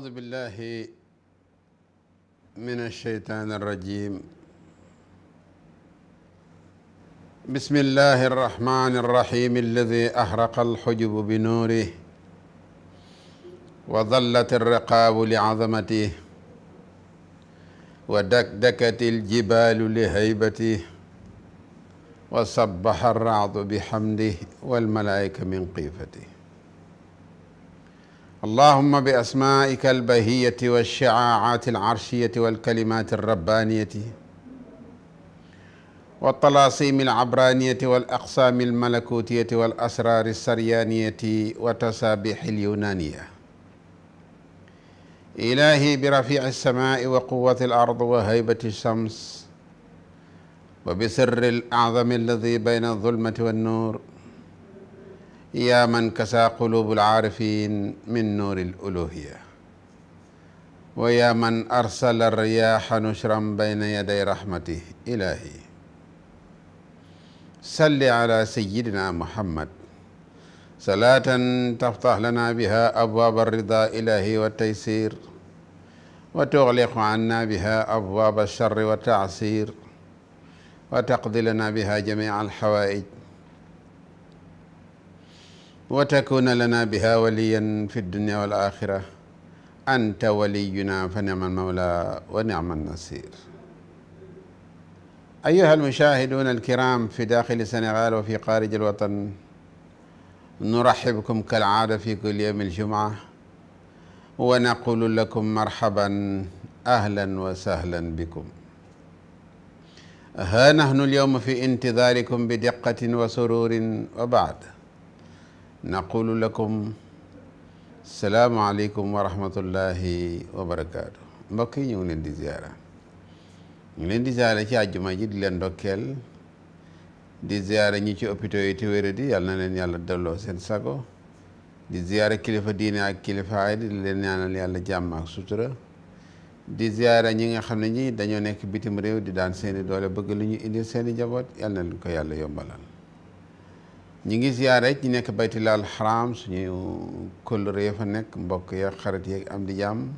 أعوذ بالله من الشيطان الرجيم بسم الله الرحمن الرحيم الذي أحرق الحجب بنوره وظلت الرقاب لعظمته ودكدكت الجبال لهيبته وسبح الرعد بحمده والملائكة من قيفته اللهم بأسمائك البهية والشعاعات العرشية والكلمات الربانية والطلاسيم العبرانية والأقسام الملكوتية والأسرار السريانية وتسابيح اليونانية إلهي برفيع السماء وقوة الأرض وهيبة الشمس وبسر الأعظم الذي بين الظلمة والنور yaa man kasa qulubu alcaarifin min nuuri aluluhiya wa yaa man arsala riyaha nushran bayna yaday rahmatih ilahi salli ala sayidina muhammad salaatan taftah lana biha abwaab alrida ilahi waltaysir wa tugliqu anna biha abwaab alshar waltacsir wa taqdi lana biha jamica alxawaaij wa takuna lana biha waliyan fi dunia wal axira anta waliyuna fa niamal mawla wa niamal nasir ayuha almushahiduna alkiram fi daxili sénégal wa fi xaarij alwatan nuraxibkum kalaada fi kulli yawmi aljumaa wa naqulu lakum marhaban ahlan wa sahlan bikum ha nahnu alyawma fi intidarikum bidiqatin wa sururin wa baad naqulu lakum salaamaaleykum wa rahmatullahi wa barakaatu mbokk yi ñu ngi leen di ziara leen di ziara ci àjjuma ji di leen ndokkeel di ziara ñi ci hôpitaux yi te wéradi yàlla na leen yàlla delloo seen sago di ziara kilifa diine ak kilifa aay di leen ñaanal yàlla jàmm ak sutura di ziara ñi nga xam ne ñi dañoo nekk bitim réew di daan seeni doole bëgg lu ñu indil seeni njaboot yàlla na leen ko yàlla yombalal ñu ngi ziyaare ñi nekk baytilaal xaram suñu kóllëre ya fa nekk mbokk ya xarit yeeg am di jàmm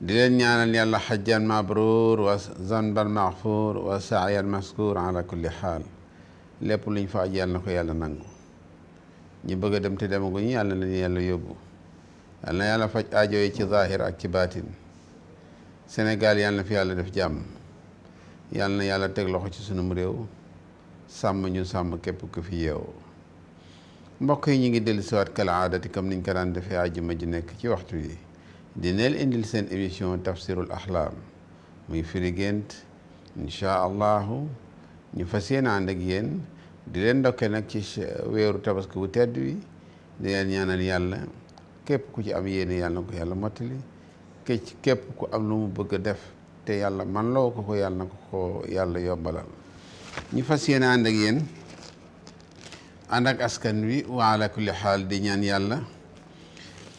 di leen ñaanal yàlla xajjan mabruur wa zanban maxfuur wa saayan maskuur kulli xaal lépp luñ fa aj bëgg a dem te demaguñu yàlla na leen yàlla yóbbu yàlla na ci zaahir ak ci baatin senegal yàlla na fi yàlla def jàmm yàlla na yàlla teg loxo ci sunum réew sàmm ñu sàmm képp ku fi yeewoo mbokk yi ñu ngi dellu siwaat kal aadati comme niñ ko daan defee àjjuma ji nekk ci waxtu yi di indil seen émission tafsirul axlaam muy firi gént inchaa allahu ñu fas yéen ànd yéen di leen ndokke nag ci weeru tabaski bu tedd wi di leen ñaanal yàlla képp ku ci am yéene yàlla yàlla mottali képp ku am lu mu bëgg a def te yàlla man loo ko ko yàlla na ko ko yàlla yombalal ñu fas yéene ànd ak ak askan wi wa ala kulli xaal di ñaan yàlla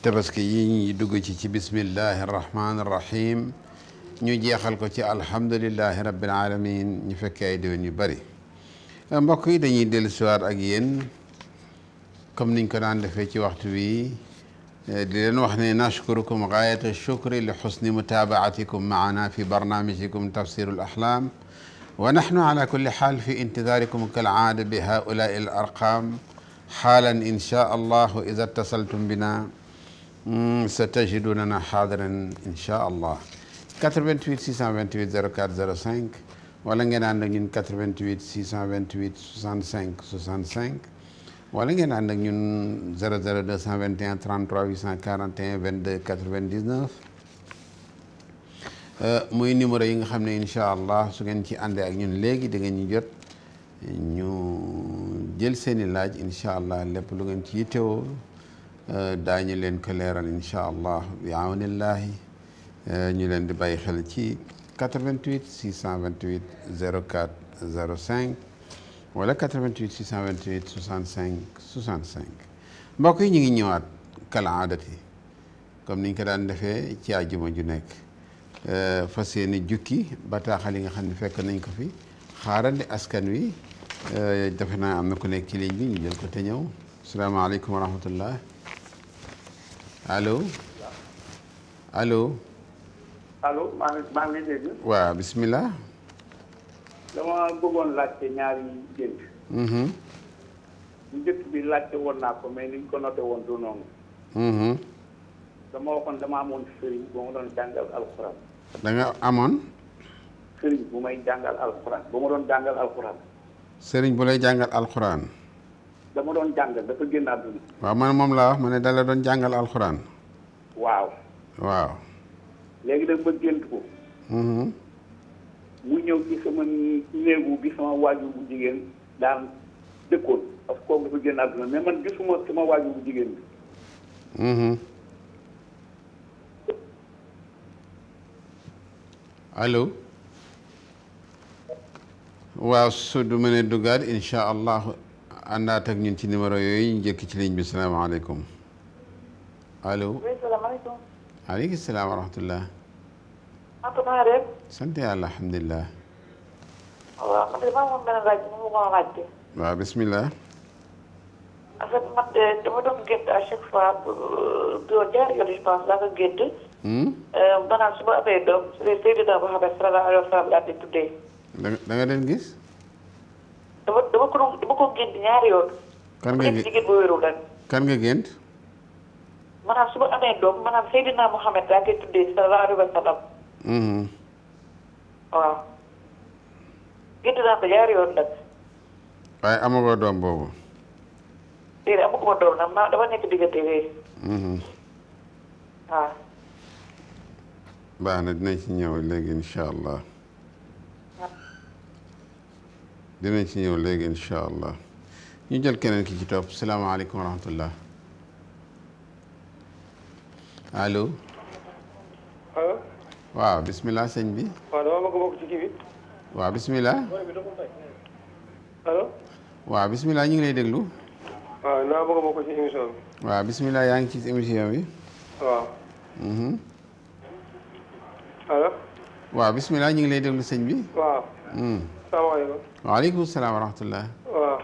tabaski yi ñu dugg ci ci bismillahi arrahmani arrahim ñu jeexal ko ci alhamdulillahi rabbil alamin ñu fekkee ay déwén yu bari mbokk yi dañuy dellu siwaat ak yéen comme niñ ko daan defee ci waxtu wi di leen wax ne nashkurukum gaayata shukri li xusni mutabaatikum maana fi barnaamijikum tafsirul axlaam wa nahnu ala kulli xaal fi intidaarikum kal aada bi haulaai al arqam xaalan inchaa allahu ida ittasaltum bina sa tajidunana xaadiran inchaa allah 88 628 04 05 wala ngeen ànd ak ñun 88 628 65 65 wala ngeen ànd ak ñun 00 221 33 841 22 99 Euh, muy numéro yi nga xam ne incha allah su ngeen ci àndee ak ñun léegi da ngeen ñu jot ñu jël seen i laaj incha allah lépp lu ngeen ci yittewoo euh, daañu leen ko leeral incha allah bi awnillahi euh, ñu leen di bàyyi xel ci 88 628 04 05 wala 88 628 65 65 mbokk yi ñu ngi ñëwaat kala aadati comme niñ ko daan defee ci àjjuma ju nekk. Euh, fas yéene jukki bataaxal yi nga xam ne fekk nañ ko fi xaarandi askan wi euh, defe naa am na ku nekk ci ligne bi ñu jël ko te ñëw salaamaaleykum wa rahmatullah bismillah. dama bëggoon laajte ñaari gént. bu mm-hmm. njëkk bi laajte woon naa ko mais liñ ko noté woon du noonu. Mm-hmm. dama waxoon dama amoon sëriñ boo ma doon jàngal alxuraan. da nga amoon. sëriñ bu may jàngal alxuraan ba ma doon jàngal alxuraan. sëriñ bu lay jàngal alxuraan. dama doon jàngal dafa génn àdduna. waaw man moom laa wax ma ne da la doon jàngal alxuraan. waaw. waaw. léegi nag ma ko. Mm-hmm. mu ñëw ci sama néegu bi sama waajur bu jigéen daan dëkkoon parce que kooku dafa génn àdduna mais gisuma sama waajur bu jigéen bi. Mm-hmm. allo waaw su du mënee duggaat incha allah àndaat ak ñun ci numéro yooyu njëkk ci ligne bi salaamaaleykum allo. salaamaaleykum. maaleykum salaam wa rahmatulah. sant yàlla alhamdulilah. waaw man de maa moom benn laaj mu ma laajte. waaw bisimilah. en fait man de dama doon gént à chaque fois bu euh, doon jaar yoon je pense laa ko gént. maanaam su ma amee doom Seydina Muhammad sallallahu alayhi wa sallam daal di tuddee. da nga da leen gis. dama dama mhm. ko dama ko kan nga gént jigéen bu wérul kan nga gént. maanaam su ma amee doom maanaam Seydina Muhammad daal di tuddee sallallahu alayhi waaw. gént naa ko ñaari yoon waaye amagoo doom boobu. déedéet amaguma doom nag maa dama nekk diggante yooyu. waaw. baax na dinañ ci ñëw léegi incha allah dinañ ci ñëw léegi ñu jël keneen ki ci topp salaamaaleykum wa rahmatullah allo. allo. waaw bisimilah sëñ bi. waaw dama bëgg bokk ci kii bi. bisimilah. allo. bisimilah ñu ngi lay déglu. waaw bisimilah yaa ngi ci émission bi. allo. waaw bisimilah ñu ngi lay déglu sëñ bi. waaw. Hmm. salaamaaleykum. waaleykum salaam wa waaw.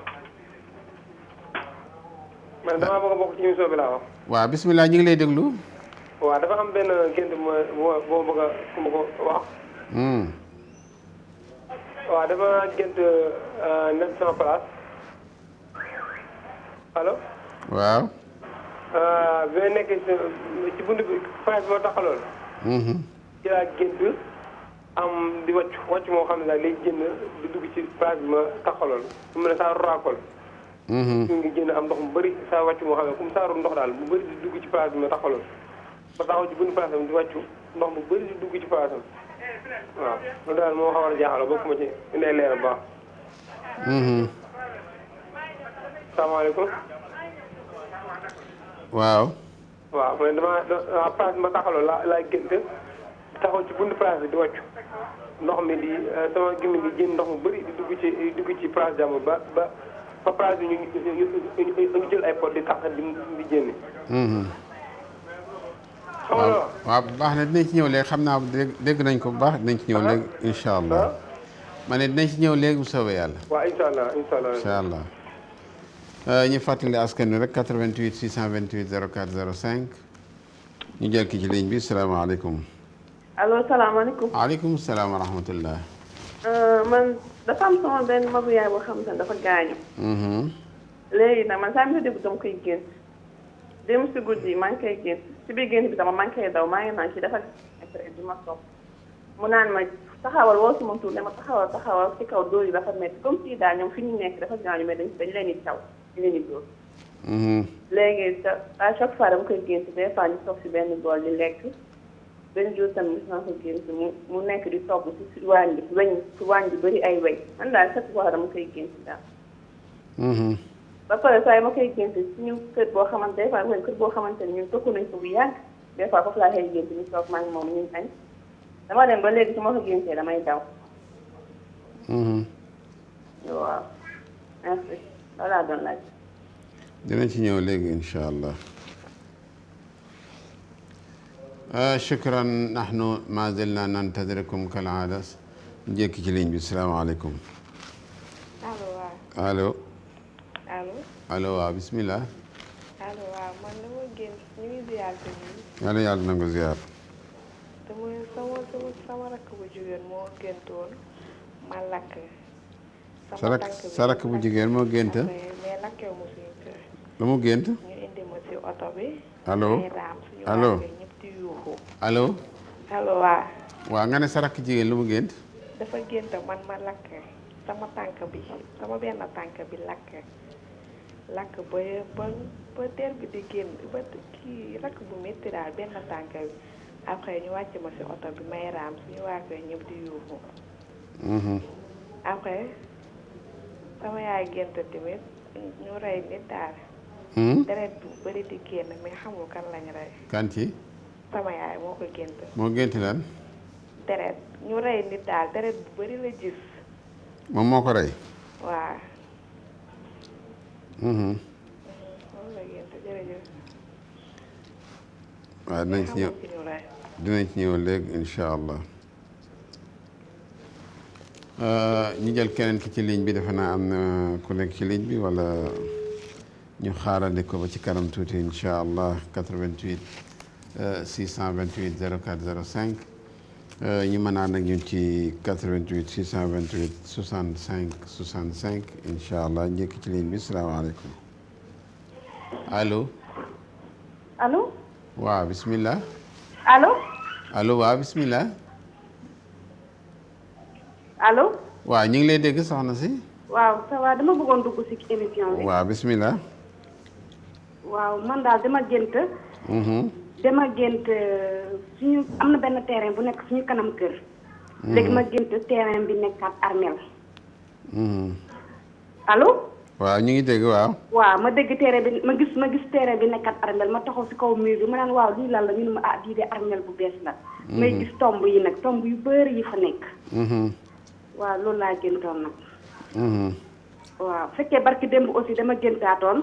man damaa bëgg bokk ci émission bi laa wax. waaw bisimilah ñu ngi lay déglu. waaw dafa am benn gént bu ma boo bëgg a ku ma ko wax. Hmm. waaw dama gént euh, nekk sama place. allo. waaw. Euh, bi ma nekk ci bunt bi fenêtre bi ma taxaloon. Hmm. ci laa gént am di wàcc wàcc moo xam ne daal day génn di dugg ci place bi ma taxaloon su ma ne saa mhm. mu ñu ngi génn am ndox mu bari saa wàcc moo xam ne comme saaru ndox daal bu di dugg ci place bi ma taxaloon ba taxaw ci buñu place am di wàccu ndox mu bëri di dugg ci place am waaw loolu daal moo xaw a jaaxal bokk ma ci indi ay leeral baax. Mhm. salaamaaleykum. waaw. waaw man damaa damaa place bi ma taxaloon laa laa gént. taxaw ci buntu place di wàccu ndox mi di euh, sama gimi di jéem ndox mu bëri di dugg ci dugg ci place jàmm ba ba ba place ñu jël ay di tax di di jénne mm-hmm. baax na dinañ ci ñëw léegi xam naa dégg nañ ko bu baax dinañ ci ñëw ah. léegi incha allah ma ne dinañ ci ñëw léegi bu soobee yàlla. waaw ñu allah incha allah incha allah. Euh, ñu fàttali askan wi rek 88 628 04 05 ñu jël ki ci ligne bi salaamaaleykum. allo salaamaaleykum. waaleykum salaam wa rahmatullah. Euh, man dafa am sama benn magu yaay boo xam ne dafa gaañu. Mm-hmm. léegi nag man saa mi dégg dama koy gént. dem si guddi maa ngi koy gént si biir gént bi dama maa ngi koy daw maa ngi naan ci dafa après du ma sopp mu naan ma taxawal woo sama tur ne ma taxawal taxawal si kaw dóor yi dafa métti comme si daal ñoom fi ñu nekk dafa gaañu mais dañ leen di taw ñu leen di dóor. Mm-hmm. léegi à chaque fois dama koy gént des fois ñu toog si benn bool di lekk. benn jour tamit gis mu nekk di togg si si waañ bi weñ si waañ bi ay weñ man daal chaque fois dama koy gént daal. Mm-hmm. ba pare saa yi ma koy gént suñu kër boo xamante des fois kër boo xamante ne ñun tëkku nañ ko bu yàgg des fois foofu laa koy gént ñu toog maa ngi moom ñu añ dama dem ba léegi su ma ko géntee damay daw. Mm-hmm. waaw merci loolu laa doon laaj. dina ci ñëw léegi allah. Ah, shukran nahnu ma zilna nantadirakum kal aada njëkk ci ligne bi salaamaaleykum. allo waaw allo. allo. allo waaw bisimilah. allo waaw man dama génn ñu ngi ziar tamit. yàlla yàlla na nga ziar. dama sama sama sama rakk bu jigéen moo gént woon ma lakk. sa rakk sa rakk bu jigéen moo gént. mais lakkee mu suñu kër. lu mu gént. ñu indi ma si oto bi. allo allo. ko. allo. allo waa. nga ne sa rakk jigéen lu mu gént. dafa gént man ma lakk sama tànk bi sama benn tànk bi lakk lakk ba ba ba bi di génn ba kii lakk bu metti daal benn tànk bi après ñu wàcc ma si oto bi may raam suñu waa kër ñëpp di yuuxu. Mm-hmm. après sama yaay gént tamit ñu rey nit daal. Hmm? deret bu bëri di génn mais xamul kan lañ rey. kan ci. moo ko gént. deret ñu rey nit daal deret bari la gis. moom moo ko rey. waaw. Mhm. Mhm. moom la gént jërëjëf. dinañ ci ñëw dinañ ci ñëw léegi euh, ñu jël keneen ki ci ligne bi defe naa am na ku nekk ci ligne bi wala ñu xaarandi ko ba ci kanam tuuti incha allah 88. 628 04 05 ñu mën a ànd ak ñun ci 88 628 65 65 incha allah njëkk ci ligne bi salaamaaleykum allo. allo. waaw bisimilah. allo. allo waaw bisimilah. allo. waaw ñu ngi lay dégg soxna si. waaw ça va dama bëggoon dugg si émission bi. waaw bisimilah. waaw man daal dama gént. Mm-hmm. dama gént euh, suñu am na benn terrain bu nekk suñu kanam kër. Hmm. léegi ma gént terrain bi nekkaat armel. Hmm. allo. waaw ñu ngi dégg waaw. waaw ma dégg tere bi ma gis ma gis terrain bi nekkat armel ma taxaw ci kaw mur bi ma naan waaw lii lan la ñu ne ma ah lii de armel bu bees la. Hmm. may gis tomb yi nag tomb yu bari yi fa nekk. waaw loolu laa géntoon nag. waaw fekkee barki démb aussi dama géntaatoon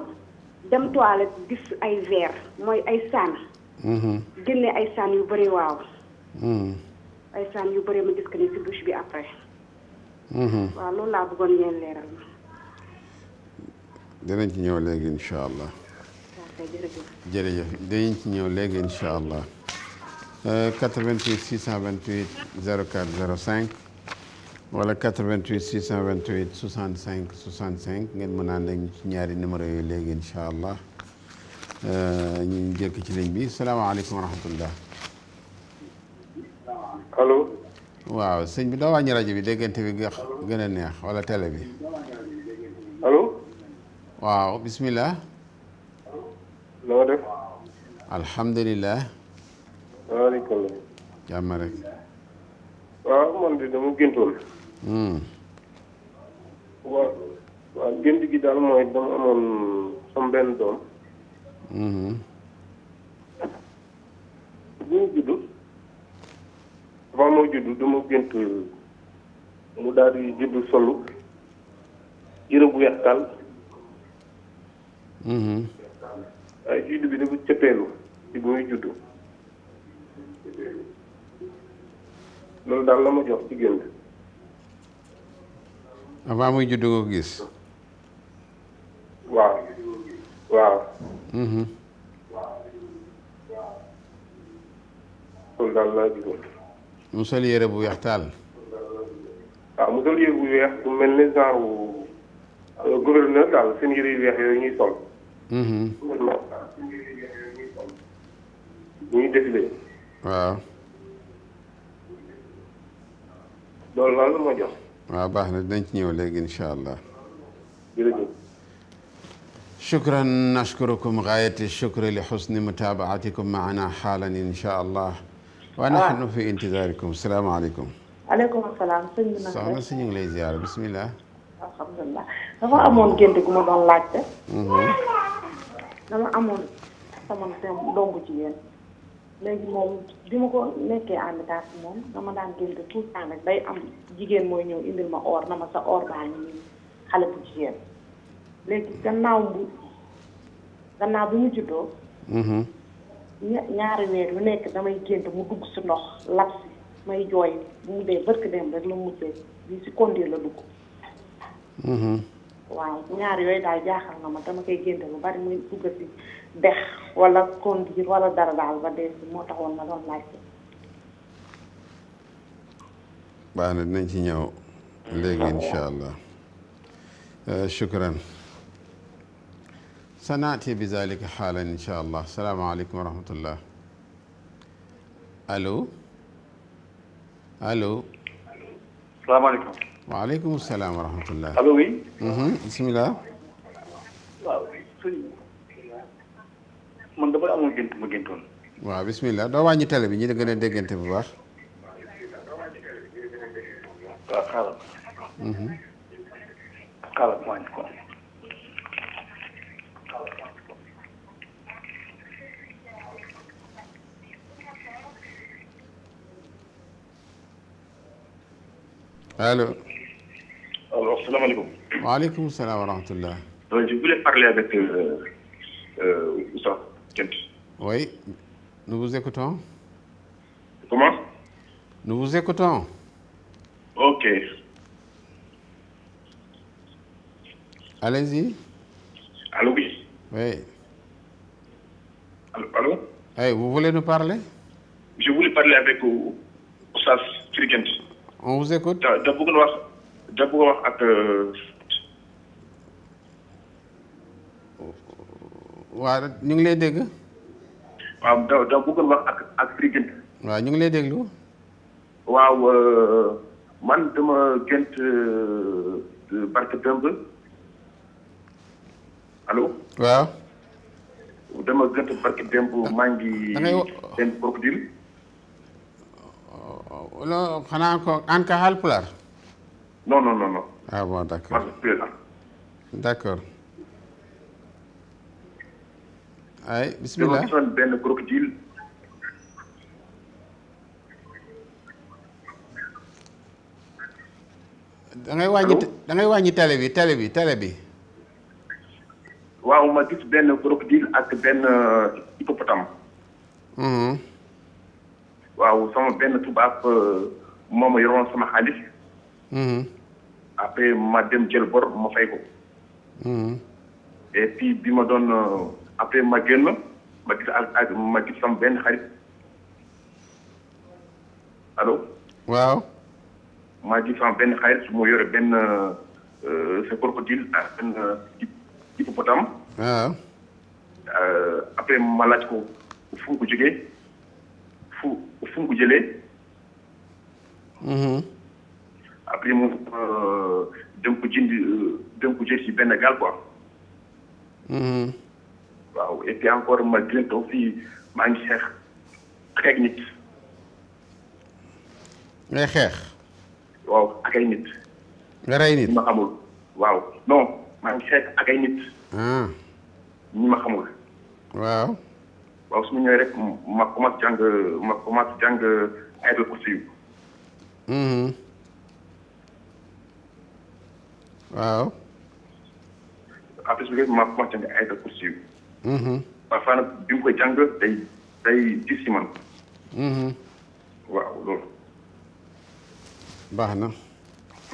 dem toilette gis ay ver mooy ay saan. génne mm-hmm. ay saan yu bëri waaw. Mm-hmm. ay saan yu bëri ma gis ko ni si douche bi après. Mm-hmm. waaw loolu laa bëggoon ngeen leeral. dinañ ci ñëw léegi incha allah. jërëjëf jërëjëf dinañ ci ñëw léegi incha allah. 88 628 04 05 wala 88 628 65 65 ngeen mën a ànd ak ci ñaari numéro yooyu léegi incha allah. Euh, ñu jël ci ligne bi salaamaaleykum wa rahmatullah. waaw sëñ bi doo wàññi rajo bi déggante bi nga gën a neex wala télé bi. allo. waaw bisimilah. loo def. alhamdulilah. waaleykum. jàmm rek. waaw man de hmm. gi daal mooy dama amoon sama benn bi mm-hmm. mu judd avant moo judd dama gént mu daal di judd solu yëre bu weex tàll waaye mm-hmm. judd loolu daal la ma jox ci gént avant muy judd ko gis waaw waaw loolu daal laa gisoon. yére bu weex taal. waaw mu bu weex bu mel ne genre euh, gouverneur daal seen yére yu weex yooyu ñuy sol. Mhm. ñuy défilé. waaw. loolu daal la ma jox. waaw baax na dinañ ci ñëw léegi incha allah. jërëjëf. شكرا نشكركم غاية الشكر لحسن متابعتكم معنا حالا إن شاء الله ونحن آه. في انتظاركم السلام عليكم aleykum salaam sëñ bi nag soxna si ñu ngi lay ziar bisimilah. alhamdulilah dafa amoon gént gu ma doon laajte. dama amoon sama doom bu jigéen léegi moom bi ma ko nekkee en état moom dama daan gént tout le temps rek day am jigéen mooy ñëw indil ma or na ma sa or baa ngi xale bu jigéen. léegi gannaaw bu gannaaw bu mu juddoo. Mm-hmm. ña ñaari weer yu nekk damay gént mu dugg si ndox lab si may jooy bu mu dee barki dem rek la mujjee bi si konde la dugg. Mm-hmm. waaw ñaar yooyu daal jaaxal na ma dama koy gént lu bari muy dugg si dex wala kondiir wala dara daal ba dee si moo taxoon ma ma laajte. baax na dinañ ci ñëw léegi incha allah euh, shukran sanaati bi zalika xaalan incha allah salaamaaleykum wa rahmatullah allo allo. salaamaaleykum. waaleykum salaam wa rahmatullah. allo oui. bisimilah. waaw sëñ man dafay amoon gént ma géntoon. waaw bisimilah doo wàññi télé bi ñu gën a déggante bu baax. waaw xaaral. xaaral ma wàññi ko. allo. alors salaamaaleykum. waaleykum salaam wa euh, je voulais parler avec euh, euh, Oussa Kent. vous écoutons. comment. nous vous écoutons. ok. allez-y. allô oui. oui. allô allô. Hey, vous voulez nous parler. je voulais parler Kent. on vous écoute. da da bëgg wax da bëgg wax ak. Euh, waaw ñu ngi lay dégg. waaw da da bëgg wax ak ak Brigante. waaw ñu ngi lay déglu. waaw euh, man dama gént euh, barke démb allo. waaw. dama gént barke démb maa ngi. da ngay lo xanaa ko aan ka Haalpulaar. non non non non. ah bon d' accord d' accord. ay bismillah gisoon benn crocodile. da ngay wàññi tale ngay wàññi bi tale bi télé bi. waaw ma gis benn crocodile ak benn hippopotame. Mhm. waaw sama benn tubaab euh, moo ma yoroon sama xaalis. Mhm. après ma dem jël bor ma fay ko. Mhm. et puis bi ma doon euh, après ma génn ma gis ak ma benn xarit alo waaw. ma gis sama benn xarit su ma yore benn euh, sa crocodile ak ah, benn hippopotame. Ah. waaw. ma laaj ko fu ko jógee. fu fu mu ko jëlee. Mhm. après moom euh, dem ko jënd euh, dem ko jël si benn gaal quoi. Mhm. waaw et puis encore malgré tout fii maa ngi xeex xeex nit. ngay xeex. waaw ak ay nit. nga rey nit ñi ma xamul. waaw non maa ngi xeex ak ay nit. Ah. ñi ma xamul. waaw. waaw su ma ñëwee rek ma commencé jàng ma mm-hmm. waaw. après su ma commencé jàng ay la poursuivre. Mm-hmm. parfois nag bi koy jàng day day gis si man. Mm-hmm. waaw loolu. baax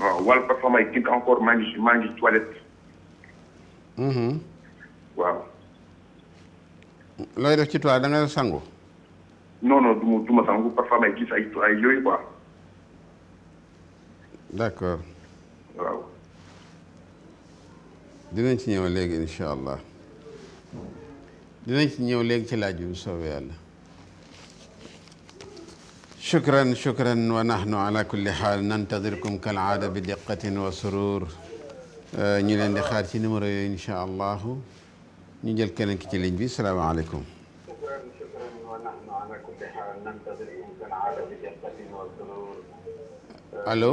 waaw wala parfois may gént encore maa ngi maa ngi waaw. looy def ci toile da nga sangu. non non du ma sangu parfois may gis ay ay yooyu quoi. d'accord. waaw. dinañ ci ñëw léegi allah dinañ ci ñëw léegi ci laaj bu soobee yàlla. shukran shukran wa nahnu ala kulli xaal nantadirkum kal aada bi diqatin wa euh, leen di xaar ci numéro yooyu incha allahu ñu jël keneen ki ci ligne bi salaamaaleykum. allo.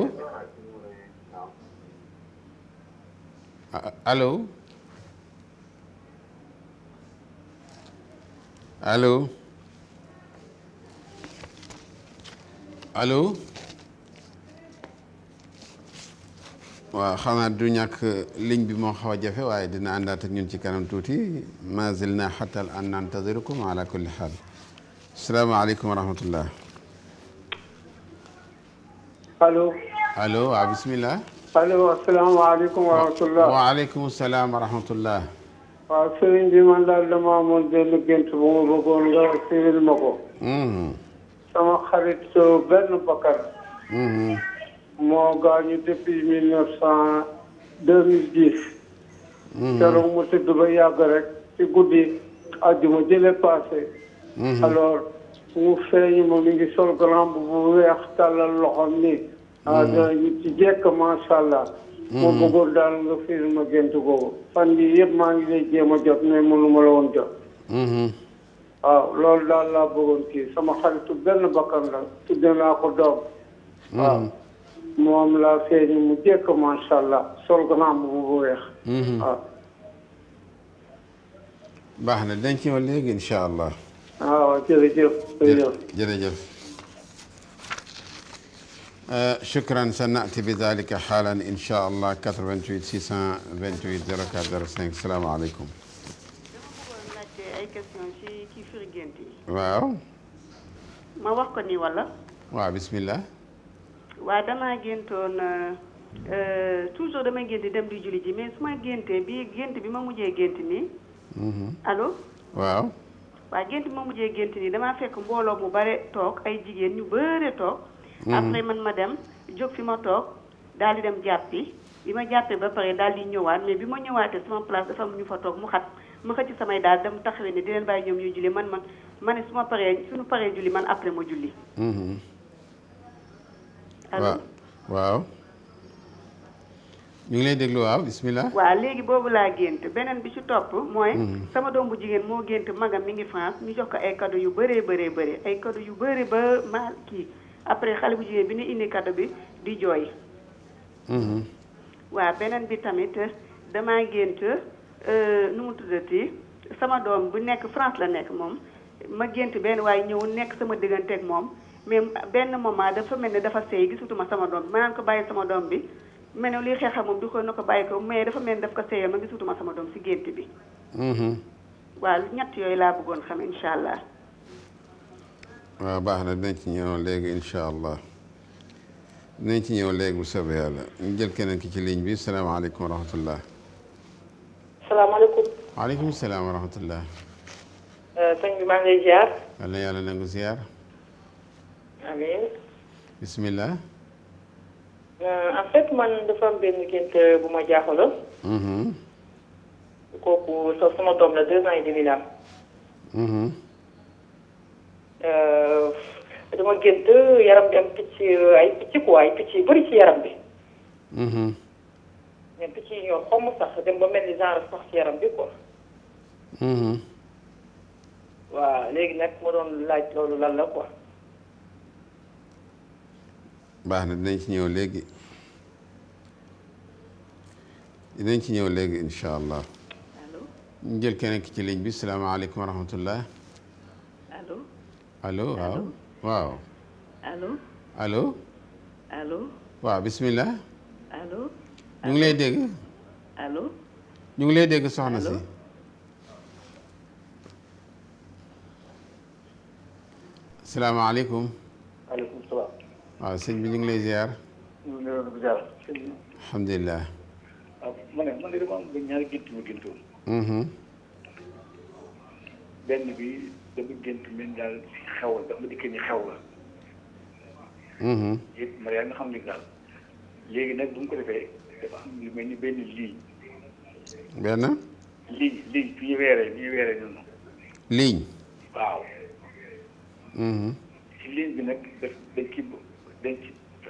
alo allo. allo. waaw xanaa du ñàkk euh, ligne bi moo xaw a jafe waaye dina àndaat ak ñun ci kanam tuuti ma zilna xatal an nantadirukum ala kulli xaal asalaamaaleykum wa rahmatullah allo allo waaw bismillah allo asalaamaaleykum wa rahmatullah waaleykum salaam wa rahmatullah waaw sëriñ bi man daal dama amoon benn gént bu ma bëggoon nga firil ma ko mm-hmm. sama xarit euh, benn bakkan mm-hmm. moo gaañu depuis mille neuf cent deux mille dix. Hmm. keroog mu tëdd ba yàgg rek ci guddi àjjuma jële passé. Hmm. alors mu feeñu ma mi ngi sol grand bu weex tàllal loxoom ni hmm. ah ñu ci jekk macha allah. moo bëggoon daal nga fiir ma gént googu fan yii yëpp maa ngi lay jéem a jot mais mënuma la woon jot. waaw loolu daal laa bëggoon kii sama xaritu benn bakkan la tudde naa ko doom. waaw. moom laa feeñ mu jekk macha allah sol grand bu bu weex. waaw. Mhm. Ah. baax na dinañ ci ñëw léegi incha allah. Ah, waaw jërëjëf. jërëjëf jërëjëf. Euh, shukran sa naati bi dalika xaalan incha allah 88 628 04 05 salaamaaleykum. waaw. ma wax ko nii wala. bismillah. waa damaa géntoon euh, euh, toujours damay gént dem di julli ji mais su ma géntee bi gént bi ma mujjee gént nii. Mm-hmm. allo. waaw. waa gént bi ma mujjee gént nii damaa fekk mbooloo mu bare toog ay jigéen ñu bare toog. Mm-hmm. après man ma dem jóg fi ma toog daal di dem jàppi bi ma jàppee ba pare daal di ñëwaat mais bi ma ñëwaat sama place dafa ñu fa toog mu xat ma ci samay daal dama taxawee ne di leen bàyyi ñoom ñuy julli man man ma ne su ma paree suñu paree julli man après ma julli. Mm-hmm. allo waaw ñu ngi lay déglu waaw bismillah waaw léegi boobu laa gént beneen bi ci topp mooy mhm. sama doom bu jigéen moo gént magam mi ngi France mu jox ko ay cadeau yu bëree bëree bëri ay cadeau yu bëri ba ma kii après xale bu jigéen bi nu indi kado bi di jooy mhm. waaw beneen bi tamit damaa gént euh, nu mu tuddati sama doom bu nekk France la nekk moom ma gént benn waaye ñëw nekk sama diggante ak moom mais benn moment dafa mel ne dafa seey gisatuma sama doom bi ma naan ko bàyyi sama doom bi mel ne liy xeexal moom di ko na ko bàyyi ko mais dafa mel ne daf ko seeyal ma gisatuma sama doom si gént bi. Mm-hmm. waaw ñett baax na dinañ ci ñëw léegi ci ñëw léegi bu soobee yàlla ñu jël keneen ki ci ligne bi salaamaaleykum wa rahmatullah. salaamaaleykum. waaleykum salaam wa rahmatullah. Euh, bi maa ngi lay yàlla nangu ziar. amiin. bisimilah. Euh, en fait man dafa am euh, bu ma jaaxaloon. Mhm. kooku so sama doom la deux ans et demi la am. Mhm. Euh, dama gént yaram bi am ay picc quoi ay picc yu bëri ci yaram bi. Mhm. mais picc yi sax dem ba mel ni genre sax ci yaram bi quoi. waaw léegi nag ma doon laaj la quoi. baax na dinañ ci ñëw léegi dinañ ci ñëw léegi incha allah. ñu jël keneen ki ci ligne bi salaamaaleykum wa rahmatullah. allo. allo waaw allo. allo. allo. bisimilah. ñu ngi lay dégg. allo. ñu ngi lay dégg soxna si. salaamaaleykum. maaleykum waaw sëñ bi ñu ngi lay ziar. ñu ngi lay ah, man de dama am ñaari gént yu ma géntoon. Mm-hmm. benn bi dama gént mel daal xew dama dikkee ni xew la. Mm-hmm. yëpp Maria nga xam ne daal léegi nag bu mu ko defee dafa am lu mel ni benn ligne. benn. ligne fi ñu weeree fi weeree noonu. ligne. waaw. si mm-hmm. ligne bi nag daf dañ ci. denc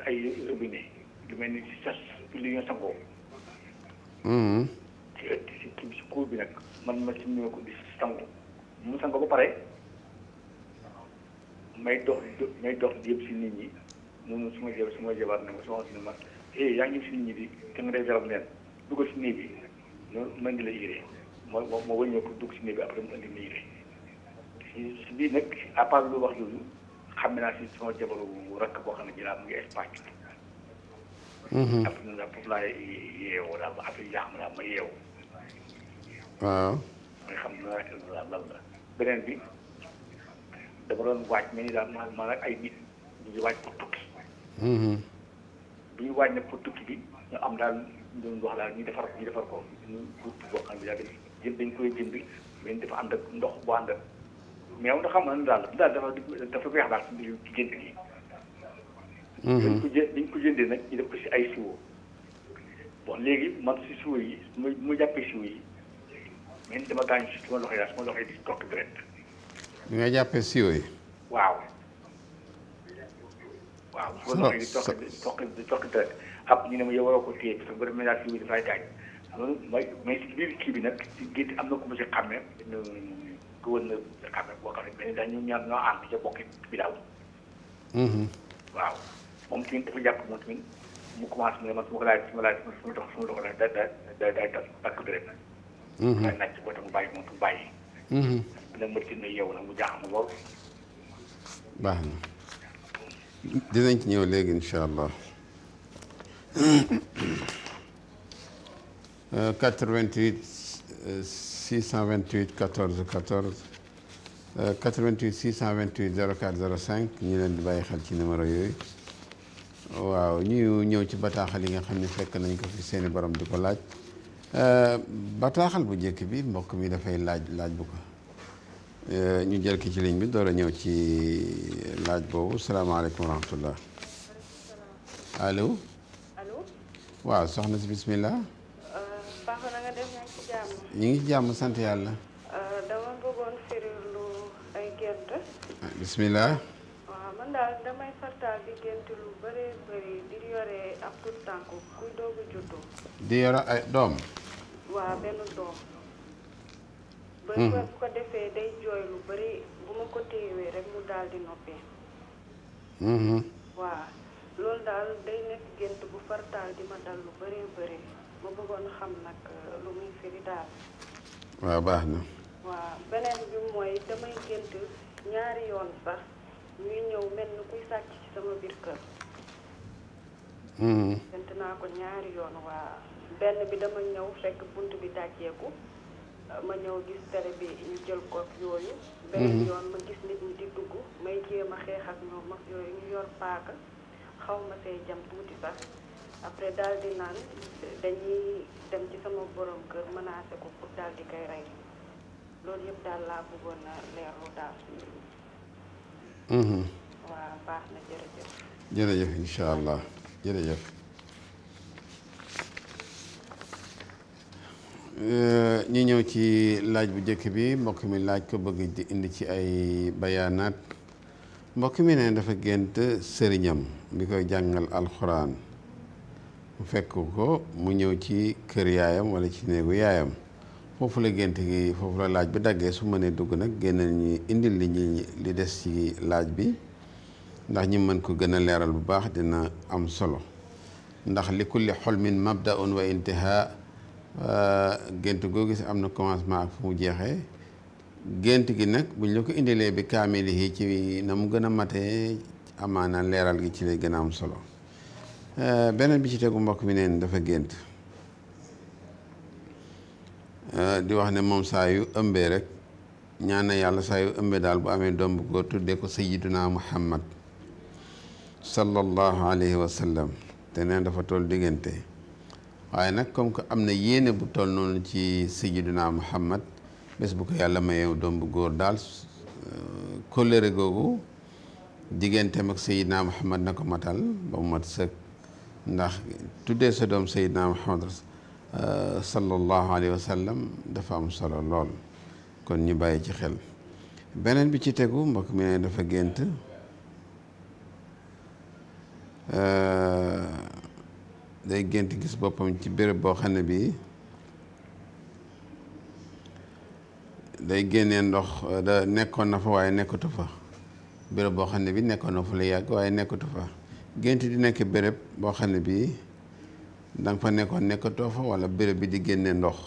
ay robinet lu mel ni si sas li nga sangoo. Mm-hmm. ci si kii si kóol bi nag man ma si ñëw ko di sangu mu sangoo ba pare may dox may dox di yëpp si nit ñi moom su ma jëlee su ma jëbaat na ma su ma waxee yaa ngi si nit ñi bi te nga def garab neen duggal si néeg bi noonu mën di la yéree moo moo wëññeeku dugg si néeg bi après mu indi la yéree si biir nag à part lu wax loolu. xam naa si sama jabaru rakk boo xam ne jëlaat mu ngi Espagne. la mhm. foofu laa yeewoo daal ba xam ne ma yeewu. waaw. beneen bi dama doon waaj mais ni daal man ak ay nit ñu waaj pour tukki. Mhm. bi ñu waaj nag pour tukki bi ñu am daal ñu wax daal ñu defar ñu defar ko ñu groupe boo xam ne daal koy ndox bu ànd meew da xam nga daal daal dafa dafa weex daal ci biir ci dañ ko jëndee nag ñu si ay siwo bon léegi man si yi mu mu jàppee siwo yi man dama gaañ si sama loxo yi daal sama loxo bi rek. nga jàppee siwo yi. mais si biir kii bi nag si gétt am na ku ma si xàmmee. gouverneur Kaffrine boo xam ne benn daal ñu ñaar ñoo ànd ca bokki bidaaw mhm. waaw moom tamit dafa jàpp moom tamit mu commencé mu ne man su ma ko laaj su ma laaj su ma dox su ma dox da da da day tas parce que rek waaye mhm. naaj ci bootam bàyyi moom tu bàyyi nag ma tin na yow nag mu jaaxam lool baax na dinañ ci ñëw léegi incha allah 88 euh, 628 14 14 88 628 04 05 ñu leen di bàyyi xel ci numéro yooyu waaw ñu ñëw ci bataaxal yi nga xam ne fekk nañ ko fi seeni borom di ko laaj euh, bataaxal bu njëkk bi mbokk mi dafay laaj laaj bu ko euh, ñu jël ki ci liñ bi door a ñëw ci laaj boobu salaamaaleykum wa rahmatullah allo. waaw soxna si bismillah. Euh, ñu ngi jàmm sant yàlla. Euh, dama bëggoon firilu ay gént. Ah, bismillah. waaw man daal damay fartaal di gént lu bëri bëri di yore ab tout tànk kuy doog juddu. di yore ay doom. waaw benn doom. ba hmm. bu ko defee day jooy lu bëri bu ma ko téyewee rek mu daal noppee. Hmm. waaw loolu daal day nekk gént bu fartaal di ma dal lu bëri bëri. ma bëggoon xam nag euh, lu muy firi waaw baax na. waaw beneen bi mooy damay gént ñaari yoon sax ñuy ñëw mel ni kuy sàcc ci sama biir kër. Hmm. gént naa ko ñaari yoon waa benn bi dama ñëw fekk bunt bi tàcceeku ma ñëw gis tere bi ñu jël kook yooyu. Hmm. beneen yoon ma gis nit ñi di dugg may jéem a xeex ak ñoom ak yooyu ñu yor paaka xaw ma see jam tuuti sax. après daal di naan dañuy dem ci sama borom kër menacé ko pour daal di koy rey loolu yëpp daal laa bëggoon a leerlu daal. Mhm. waaw baax na jërëjëf. jërëjëf ñu ñëw ci laaj bu njëkk bi mbokk mi laaj ko bëgg di indi ci ay bayaanaat mbokk mi ne dafa gént sëriñam bi koy jàngal alxuraan. fekk ko mu ñëw ci kër yaayam wala ci néegu yaayam foofu la gént gi foofu la laaj bi daggee su mënee dugg nag génne ñi indil li ñi li des ci laaj bi ndax ñu mën ko gën a leeral bu baax dina am solo ndax li kulli xolmin mabdaun wa intihaa euh, gént goo gis am na commencement ak fu mu jeexee gént gi nag buñ la ko indilee bi kaamil yi ci na mu gën a matee amaana leeral gi ci lay gën a am solo Eh, beneen bi ci tegu mbokk mi neen dafa gént eh, di wax ne moom saa yu ëmbee rek ñaan na yàlla saa yu ëmbee daal bu amee doom bu góor tudde ko sayyiduna muhammad sallallahu alayhi wa sallam te neen dafa toll diggante waaye nag comme que am na yéene bu toll noonu ci sayyiduna muhammad bés bu ko yàlla mayee doom góor daal eh, kóllëre googu diggante ak sayyiduna muhammad na ko matal ba mu mat sëkk ndax tuddee sa doom Seydina Muhammad euh, sallallahu alayhi wa sallam dafa am solo lool kon ñu bàyyi ci xel beneen bi ci tegu mbokk mi ne dafa gént euh, day gént gis boppam ci béréb boo xam ne bii day génnee ndox euh, da nekkoon na fa waaye nekkatu fa bërëb boo xam ne bi nekkoon na fa la yàgg waaye nekkatu fa gént di nekk bërëb boo xam ne bii danga fa nekkoon nekkatoo fa wala bërëb bi di génne ndox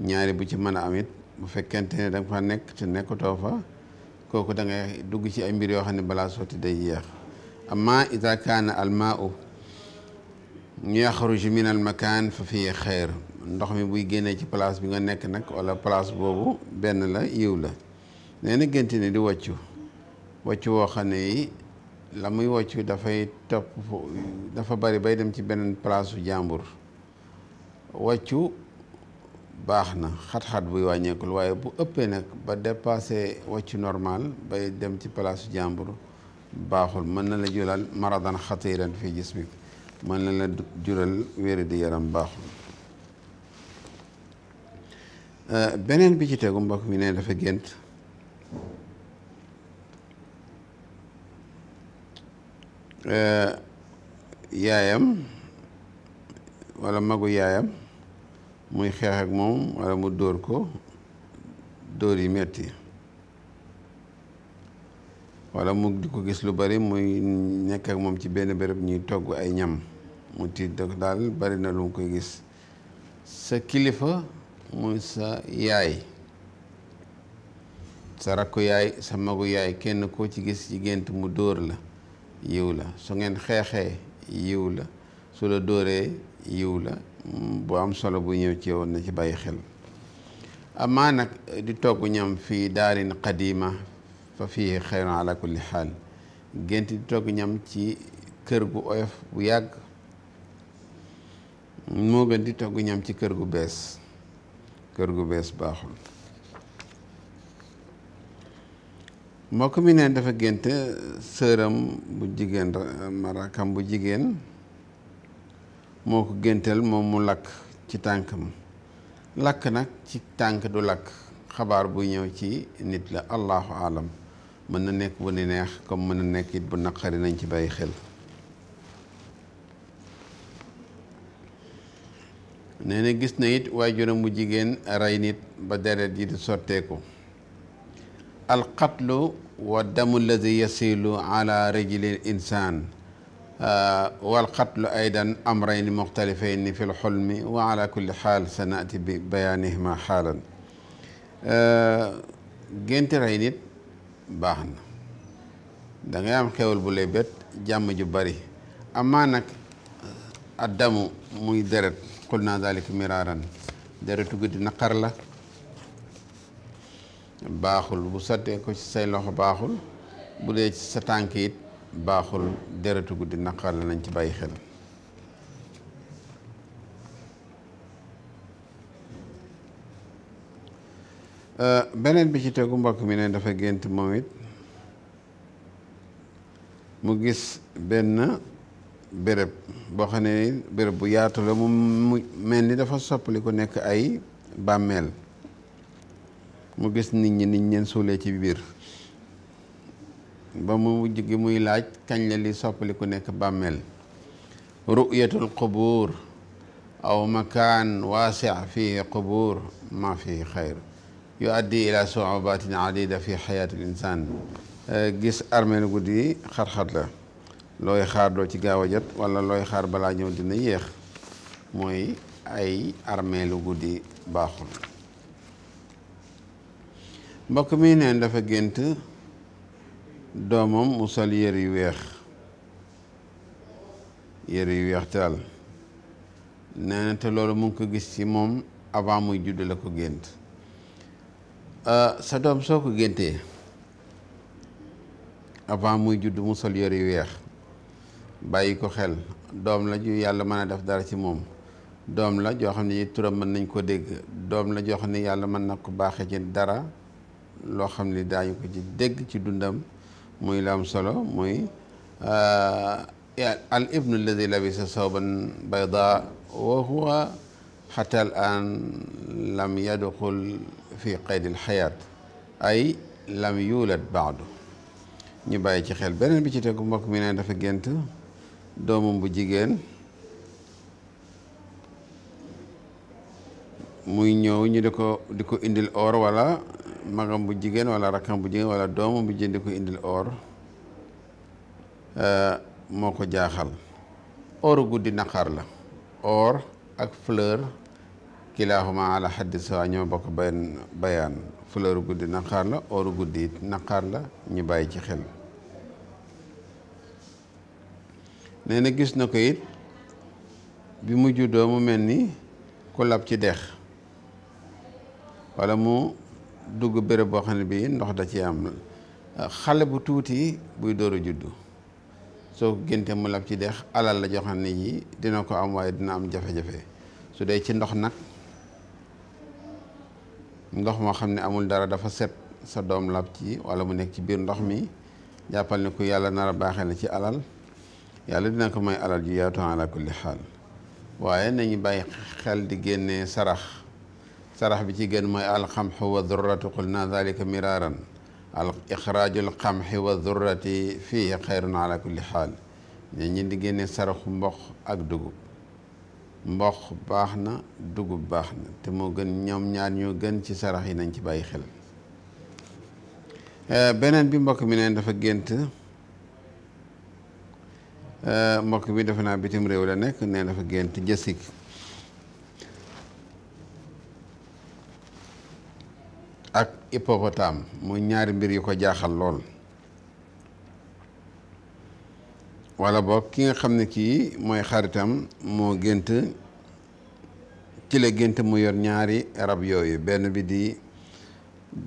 ñaari bu ci mën a am bu fekkente ne danga fa nekk te nekkatoo fa kooku da ngay dugg ci ay mbir yoo xam ne balaa sotti day yéex amma ida kaana almaau yaxruju min al makaan fa fii xeer ndox mi buy génnee ci place bi nga nekk nag wala place boobu benn la yiw la nee gént ne di wàccu wàccu woo xam ne yi la muy wocc dafay topp dafa bari bay dem ci beneen palaasu jàmbur waccu baax na xat-xat buy wàññeekul waaye bu ëppee nag ba dépassé woccu normal bay dem ci palaasu su jàmbur baaxul mën na la jural maradan xatiran fii jismik mën na la jural wéeri di yaram baaxul euh, beneen bi ci tegu mbokk mi ne dafa gént Euh, yaayam walla magu yaayam muy xeex ak moom walla mu dóor ko dóor yi metti walla mu di ko gis lu bari muy nekk ak moom ci benn bërëb ñuy togg ay ñam mu tiit daal bari na lu mu koy gis sa kilifa muy sa yaay sa rakku yaay sa magu yaay kenn koo ci gis ci gént mu dóor la yiw la su ngeen xeexee yiw la su la dóoree yiw la bu am solo bu ñëw ci woon na ci bàyyi xel amaa nag di togg ñam fi daarin qadima fa fii xayrun ala kulli xaal gént di togg ñam ci kër gu oyof bu yàgg moo gën di togg ñam ci kër gu bees kër gu bees baaxul mbokk mi ne dafa gént sëram bu jigéen marakam bu jigéen moo ko géntal moom mu lakk ci tànkam lakk nag ci tànk du lakk xabaar buy ñëw ci nit la allahu alam mën na nekk bu ni neex comme mën na nekk it bu naqari nañ ci bàyyi xel nee na gis na it waajuram bu jigéen rey nit ba deret yi di sotteeku alqatlu wa damu alladi yasilu ala rijli insan walqatlu aydan amrayn muxtalifayni fi lxulmi wa ala kulli xaal sa naati bi bayaanihima xaalan génte rey nit baax na da ngay am xewal bu lay bét jàmm ju bari amaa nag addamu muy deret xul naa dalik miraaran deretu guddi naqar la baaxul bu sottee ko ci say loxo baaxul bu dee ci sa tànk yit baaxul deretu guddi naqar lañ ci bàyyi xel euh, beneen bi ci tegu mbokk mi ne dafa gént moom it mu gis benn béréb boo xam ne béréb bu yaatu la mu mel ni dafa soppali ku nekk ay bàmmeel mu gis nit ñi niñ leen suulee ci biir ba mu jigi muy laaj kañ la li soppaliku nekk bàmmeel ru'yatul qubuur aw makaan waasi fihi qubuur ma fi xayr yu addi ila su'ubatin adida fi xayaatil insaan gis armeelu guddi xat-xat la looy xaar doo ci gaaw a wala looy xaar balaa ñëw dina yéex mooy ay armeelu guddi baaxul mbokk mi neen dafa gént doomam mu sol yére yu weex yére yu weex taal nee na te loolu mu ngi ko gis ci moom avant muy judd la ko gént ah, sa doom soo ko géntee avant muy judd mu sol yére yu weex bàyyi ko xel doom la ju yàlla mën a def dara ci moom doom la joo xam ne turam mën nañ koo dégg doom la joo xam ne yàlla mën na ko baaxee ci dara loo xam ni daañu ko ci dégg ci dundam muy la am solo muy euh, al ibnu alladi labisa sawban bayda wa huwa xata al an lam yadxul fi qayd al ay lam yuulad baadu ñu bàyyi ci xel beneen bi ci tegu mbokk mi ne dafa gént doomam bu jigéen muy ñëw ñu di ko di ko indil or wala magam bu jigéen wala rakkam bu jigéen wala doomu bu jëndi ko indil or euh, moo ko jaaxal or guddi naqaar la or ak fleur kilaahuma ala xaddi sawa ñoo bokk benn bayaan fleur guddi naqar la ñu bàyyi ci xel nee gis na ko it bi mu juddoo mu mel ni ku lab ci dex wala mu dugg béréb boo xam ne bii ndox da ci am xale bu tuuti buy door a juddu soo ko génte mu lab ci dex alal la joxan ne ñi dina ko am waaye dina am jafe-jafe su dee ci ndox nag ndox moo xam ne amul dara dafa set sa doom lab ci wala mu nekk ci biir ndox mi jàppal ne ku yàlla nar a baaxee na ci alal yàlla dina ko moy alal ju yaatu ala xaal waaye nañu bàyyi xel di génnee sarax sarax bi ci gën mooy alxamxu wa durratu qul na dalika miraaran al ixraaju alxamxi wa durrati fii xayrun ala kulli xaal ñe ñi di génne saraxu mboq ak dugub mboq baax na dugub baax na te moo gën ñoom ñaar ñoo gën ci sarax yi nañ ci bàyyi xel eh, beneen bi mbokk mi neen dafa gént eh, mbokk mi defe naa bitim réew la nekk nee dafa gént jësik ak hippopotame muy ñaari mbir yu ko jaaxal lool walla boog ki nga xam ne kii mooy xaritam moo gént ci la gént mu yor ñaari rab yooyu benn bi di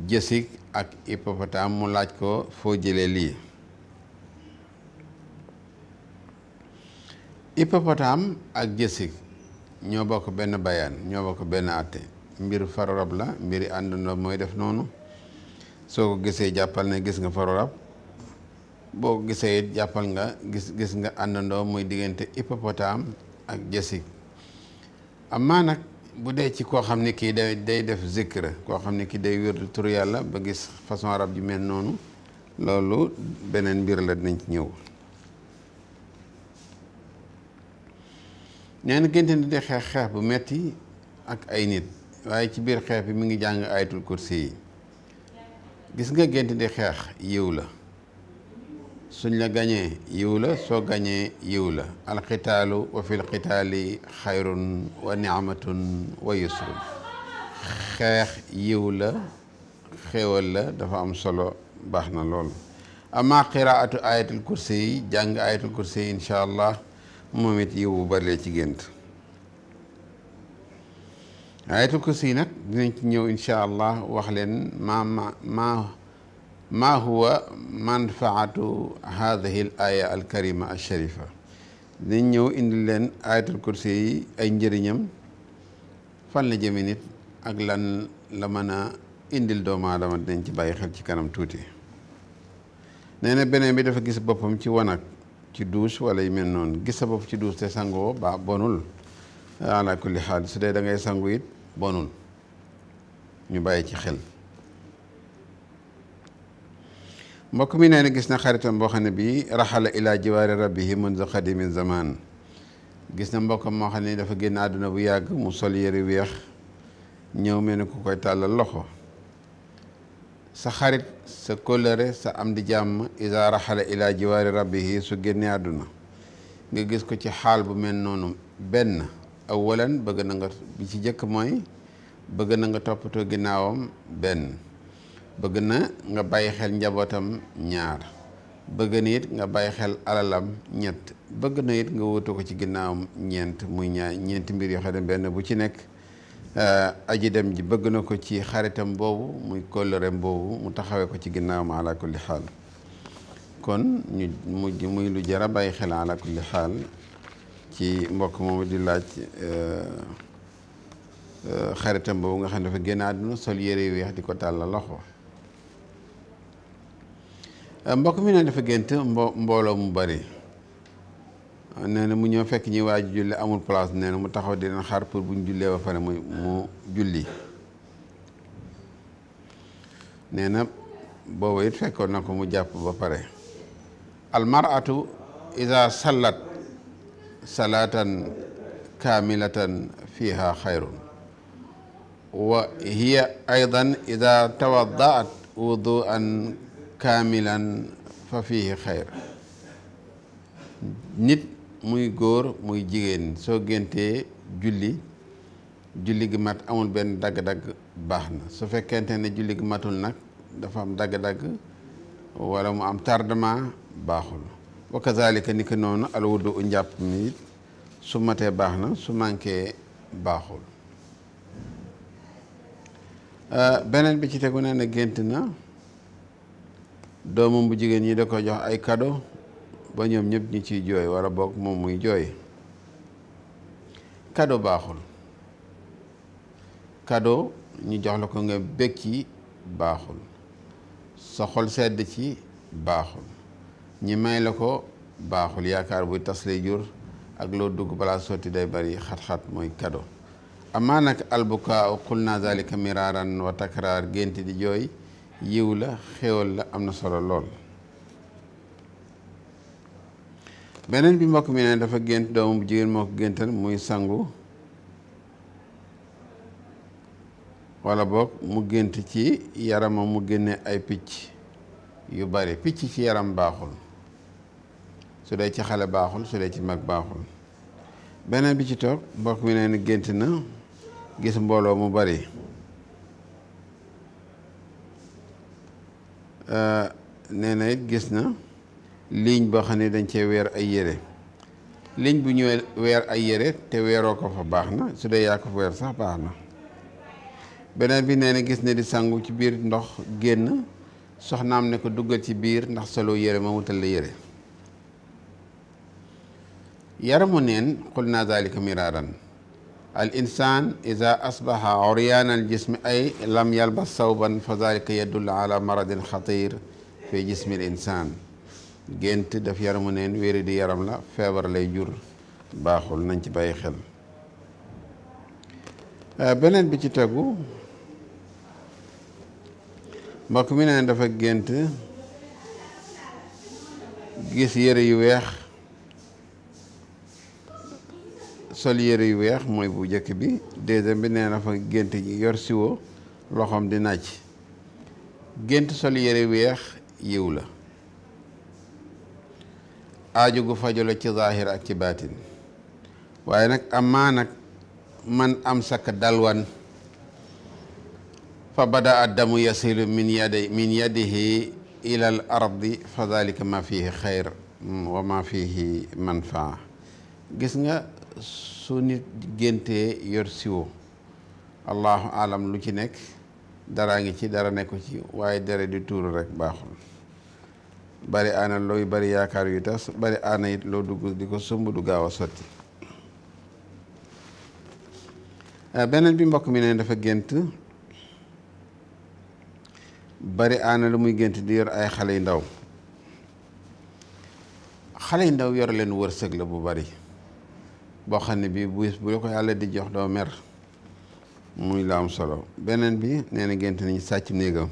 jësig ak hippopotame mu laaj ko foo jëlee lii hippopotame ak jësig ñoo bokk benn bayaan ñoo bokk benn àtte mbir faru la mbir àndandoo mooy def noonu soo ko gisee jàppal ne gis nga faru boo gisee jàppal nga gis gis nga àndandoo mooy diggante hippopotame ak jësi amaa nag bu dee ci koo xam ne kii day day def zikr koo xam ne kii day wér tur yàlla ba gis façon rab ji mel noonu loolu beneen mbir la nañ ci ñëw nee na di xeex xeex bu metti ak ay nit waaye ci biir xeex bi mu ngi jàng ayatul kursi yi gis nga gént di xeex yiw la suñ la gañee yiw la soo gañee yiw la alxitaalu wa fil xitaali xayrun wa niamatun wa yusrun xeex yiw la xéewal la dafa am solo baax na lool ama qiraatu ayatul kursi yi jàng ayatul kursi yi incha allah moom it yiw bu bari la ci gént ayatul kursi nag dinañ ci ñëw incha allah wax leen ma ma ma ma huwa manfaatu hadihi al aya al karima al sharifa dinañ ñëw indi leen ayatul kursi yi ay njëriñam fan la jëme nit ak lan la mën a indil doomu aadama dinañ ci bàyyi xel ci kanam tuuti nee na beneen bi dafa gis boppam ci wanag ci douche wala yu mel noonu gis sa bopp ci douche te sangoo ba bonul ala kulli xaal su dee da ngay sangu it bonul ñu bàyyi ci xel mbokk mi nee na gis na xaritam boo xam ne bii raxala ilaa jiwaari rabbihi mundu mi zaman gis na mbokkam moo xam ne dafa génn àdduna bu yàgg mu sol yëri weex ñëw mel ni ku koy tàllal loxo sa xarit sa kóllëre sa am di jàmm isa raxala ilaa jiwaari rabbihi su génnee àdduna nga gis ko ci xaal bu mel noonu benn aw awalan bëgg na nga bi ci jëkk mooy bëgg na nga toppatoo ginnaawam benn bëgg na nga bàyyi xel njabootam ñaar bëgg na it nga bàyyi xel alalam ñett bëgg na it nga wutu ko ci ginnaawam ñeent muy ñaar ñeenti mbir yoo xam ne benn bu ci nekk eh, aji dem ji bëgg na ko ci xaritam boobu muy kóllëreem boobu mu taxawee ko ci ginnaawam ala xaal kon ñu muy lu jara bàyyi xel ala xaal ci mbokk moomu di laaj euh, euh, xaritam boobu nga xam ne dafa génn àdduna sol yére yu weex di ko tàllal loxo euh, mbokk mi ne dafa gént mbo mbooloo mu bari nee na mu ñëw fekk ñi waaj julli amul place nee na mu taxaw di leen xaar pour buñ jullee ba pare mu mu julli nee na booba it fekkoon na ko mu jàpp ba pare almaratu iza sallat salaatan kaamilatan fiha xayrun wa hiya aydan ida tawaddaat wuduan kaamilan fa fihi xayr nit muy góor muy jigéen soo géntee julli julli gi mat amul benn dagg-dagg baax na su fekkente ne julli gi matul nag dafa am dagg-dagg wala mu am tardement baaxul wa kazalika ni ki noonu alwudu u njàpp mi it su matee baax na su manqué baaxul euh, beneen bi ci tegu nee na gént na doomam bu jigéen ñi da ko jox ay kado ba ñoom ñëpp ñi ciy jooy wala boog moom muy jooy cadeau baaxul cadeau ñu jox la ko nga bég yi baaxul sa xol sedd ci baaxul ñi may la ko baaxul yaakaar buy tas lay jur ak loo dugg balaa sotti day bari xat-xat mooy kado amaa nag albukaa qul naa zalika miraaran wa takraar gént di jooy yiw la xéwal la am na solo lool beneen bi mbokk mi ne dafa gént doomu jigéen moo ko géntal muy sangu wala boog mu gént ci yaramam mu génne ay picc yu bare picc ci yaram baaxul su dee ci xale baaxul su dee ci mag baaxul beneen bi ci toog mbokk mi neen gént na gis mbooloo mu bari nee na it gis na liiñ boo xam ne dañ cee weer ay yére ligne bu ñu weer ay yére te weeroo ko fa baax na su dee yaa ko fa weer sax baax na beneen bi nee na gis na di sangu ci biir ndox génn soxnaam ne ko duggal ci biir ndax solo yére ma wutal la yére yaramu neen qulna zalika miraran al insan ida asbaha uryaana al jismi ay lam yalbas sawban fa zalika yadullu ala maradin xatir fi jismi al insan gént daf yaramu neen wéeri di yaram la feebar lay jur baaxul nañ ci bàyyi xel euh, beneen bi ci tegu mbokk mi ne dafa gént gis yëre yu weex sol yére yu weex mooy bu njëkk bi deuxième bi nee na fa gént yor siwo loxoom di naaj gént sol yére weex yiw la aaju gu faju la ci zaahir ak ci baatin waaye nag amaa nag man am sakk dalwan fa bada addamu yasilu min yadi min yadihi ila ardi fa dalika ma fihi xayr wa ma fihi manfaa gis nga su nit géntee yor siwo allahu alam lu ci nekk daraa ngi ci dara nekku ci waaye dere di tuuru rek baaxul bari aana looy bari yaakaar yu tas bari aana yit loo dugg di ko sumb du gaaw a sotti ah, beneen bi mbokk mi ne dafa gént bari aana lu muy gént di yor ay xale yu ndaw xale yu ndaw yor leen wërsëg la bu bari boo xam ne bii bu bu la ko yàlla di jox doo mer muy la am solo beneen bi nee na gént nañu sàcc néegam